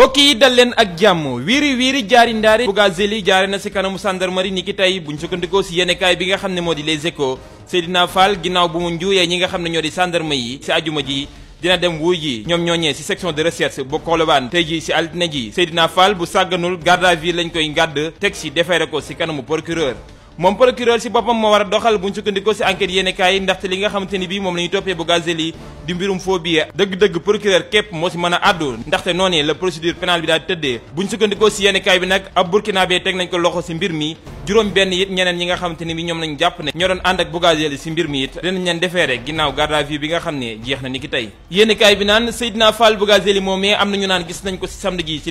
mbokk yi dal leen ak jàmm wiiri wiiri jaari ndaari Bougazelli jaare na si kanamu gendarmerie ni ki tey buñ sukkandikoo si yenekaay bi nga xam ne moo di Les Échos Seydina Fall ginnaaw bu mu njuuyee ñi nga xam ne ñoo di gendarme yi si ajuma ji dina dem wuy ji ñoom ñooñee ci section de recherche bu Colobane tey ji ci altine ji Seydina Fall bu sàgganul garde à vue lañ koy ngàdd teg ci defeere ko ci kanamu procureur moom procureur ci boppam moo war a doxal bu ñu sukkandikoo ci enquête yéene kaay yi ndaxte li nga xamante ni bii moom la ñuy toppee Bougazelli di mbirum faux billet dëgg-dëgg procureur képp moo ci mën a àddu ndaxte noonu la procédure pénale bi daal di tëddee bu ñu sukkandikoo ci yéene bi nag ab burkinabé teg nañ ko loxo ci mbir mi juróom benn it ñeneen ñi nga xamante ni bi ñoom lañ jàpp ne ñoo doon ànd ak Bougazelli ci mbir mi it dinañ leen defeere ginnaaw nga xam ne jeex na tey yéene kaay bi naan Seydina Fall Bougazelli moomee am nañu naan gis nañ ko ci samedi ji ci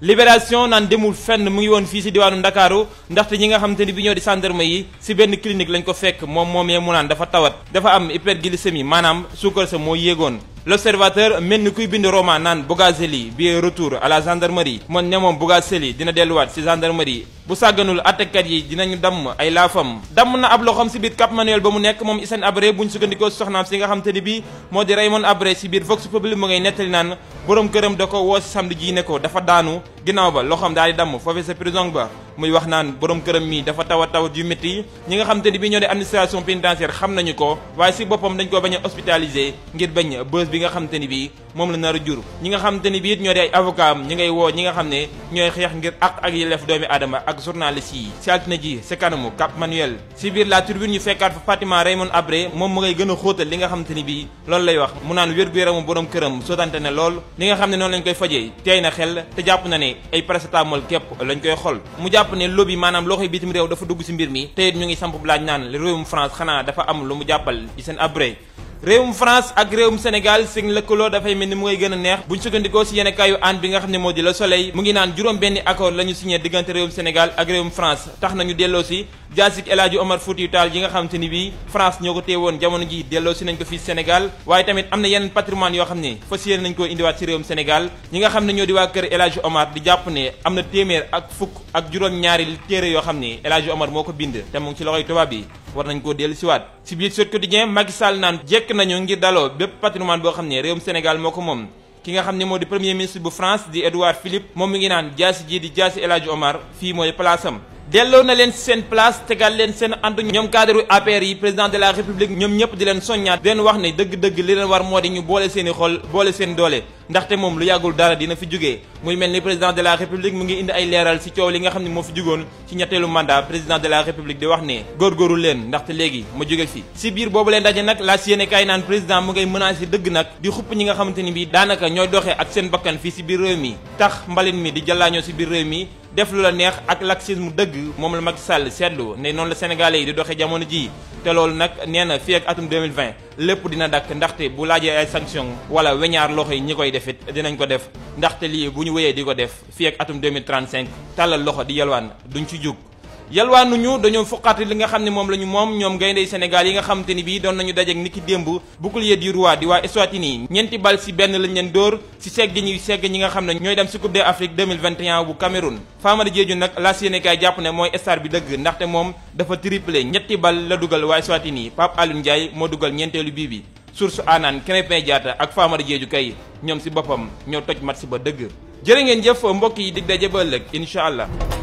libération naan demul fenn mu ngi woon fii si diwaanu ndakaaru ndaxte ñi nga xamante ni bi ñoo di gendarme yi si benn clinique lañ ko fekk moom moomee mu naan dafa tawat dafa am hyperglycémie maanaam suukar sa moo yéegoon l'observateur mel ni kuy bind roman naan Bougazelli bi retour à la gendarmerie moom ne moom Bougazelli dina delluwaat ci gendarmerie bu sàgganul àttekat yi dinañu damm ay laafam damm na ab loxoom ci biir Cap Manuel ba mu nekk moom Hissène Habré bu ñu sukkandikoo soxnaam si nga xam te ni bi moo di Raymond Habré ci biir Vox Populi mu ngay nettali naan boroom këram da ko woo ci samedi ji ne ko dafa daanu ginnaaw ba loxoom daal di damm foofee sa prison ba muy wax naan borom këram mi dafa taw a yu métti yi ñi nga xam te ni bi ñoo di administration pénitentiaire xam nañu ko ko bañ a hospitalisé ngir bañ bës nga xam ni bi moom la nar a jur ñi nga xam ni bi ñoo di ay ngay woo ñi nga xam ne ñooy xeex ngir ak yelleef doomi aadama ak journaliste yi si altine ji si kanamu Cap Manuel si biir la tribune ñu fekkaat fa Fatima Raymond Abré moom mu ngay gën li nga xam te ni bi loolu lay wax mu naan wér-gu-yaramu borom këram sotante lool li nga xam ne noonu lañ koy fajee tey na xel te jàpp na ne ni ay paracetamol képp lañ koy xol mu jàpp ne lobby maanaam loxo bitim réew dafa dugg ci mbir mi te ñu ngi samp laaj naan réewum France xanaa dafa am lu mu jàppal ci seen abré réewum France ak réewum Sénégal seen lëkkaloo dafay mel ni mu ngay gën a neex bu sukkandikoo si yeneen kaayu ànd bi nga xam ne moo di la Soleil mu ngi naan juróom benn accord la ñu signé diggante réewum Sénégal ak réewum France tax nañu delloo si jaasik El Hadji Omar Foutiyou taal yi nga xam te ni bii France ñoo ko téewoon jamono ji delloo si nañ ko fii Sénégal waaye tamit am na yeneen patrimoine yoo xam ne fas yéene nañ koo indiwaat si réewum Sénégal ñi nga xam ñoo di waa kër El Hadji jàpp ne am na téeméer ak fukk ak juróom ñaari téere yoo xam ne El Hadji Omar moo ko bind te mu ci loxoy tubaab yi war nañ koo dellu siwaat si biir Sud Quotidien Macky Sall naan jekk nañu ngir daloo bépp patrimoine boo xam ne réewum Sénégal moo ko moom ki nga xam ne moo di premier ministre bu France di Édouard Philippe moom mi ngi naan jaasi ji di jaasi El Hadj Omar fii mooy place delloo na leen seen place tegal leen seen ànd ñoom cadre APR yi président de la république ñoom ñëpp di leen soññaat di leen wax ne dëgg-dëgg li leen war moo di ñu boole seeni i xol boole doole ndaxte moom lu yàggul dara dina fi jógee muy mel ni président de la république mu ngi indi ay leeral ci coow li nga xam ne moo fi jugoon ci ñetteelu mandat président de la république di wax ne góorgóorlu leen ndaxte léegi ma jóge fi si biir boobu leen daje nag la yéene kaay naan président mu ngay menacé dëgg nag di xupp ñi nga xamante ni bi daanaka ñooy doxee ak seen bakkan fii ci biir réew mi tax mbalit mi di jàllaañoo ci biir réew mi def lu la neex ak laxisme dëgg moom la Macky Sall seetlu ne noonu la doxee jamono jii te loolu nag nee na fii ak atum 2020 lépp dina dakk ndaxte bu laajee ay sanction wala weñaar loxo yi ñi koy defit dinañ ko def ndaxte lii bu ñu wéyee di ko def fii ak atum 2035 tàllal loxo di yalwaan duñu ci jóg yalwaanuñu dañoo fuqaati li nga xam ne moom la ñu moom ñoom gayndey Sénégal yi nga xamante ni bii doon nañu dajeek niki démb bouclier du roi di waa Eswatini ñeenti bal si benn lañ leen dóor si segg ñi segg ñi nga xam ne ñooy dem si Coupe d'Afrique 2021 bu Cameroun Famara laa nag la Sénégal jàpp ne mooy star bi dëgg ndaxte moom dafa triplé ñetti bal la dugal waa Eswatini Pape Alioune Ndiaye moo dugal ñeenteelu bii bi source aanaan Krépin Diatta ak Famara Diédhiou kay ñoom si boppam ñoo toj match ba dëgg jërë ngeen jëf mbokk yi dig daje ba ëllëg allah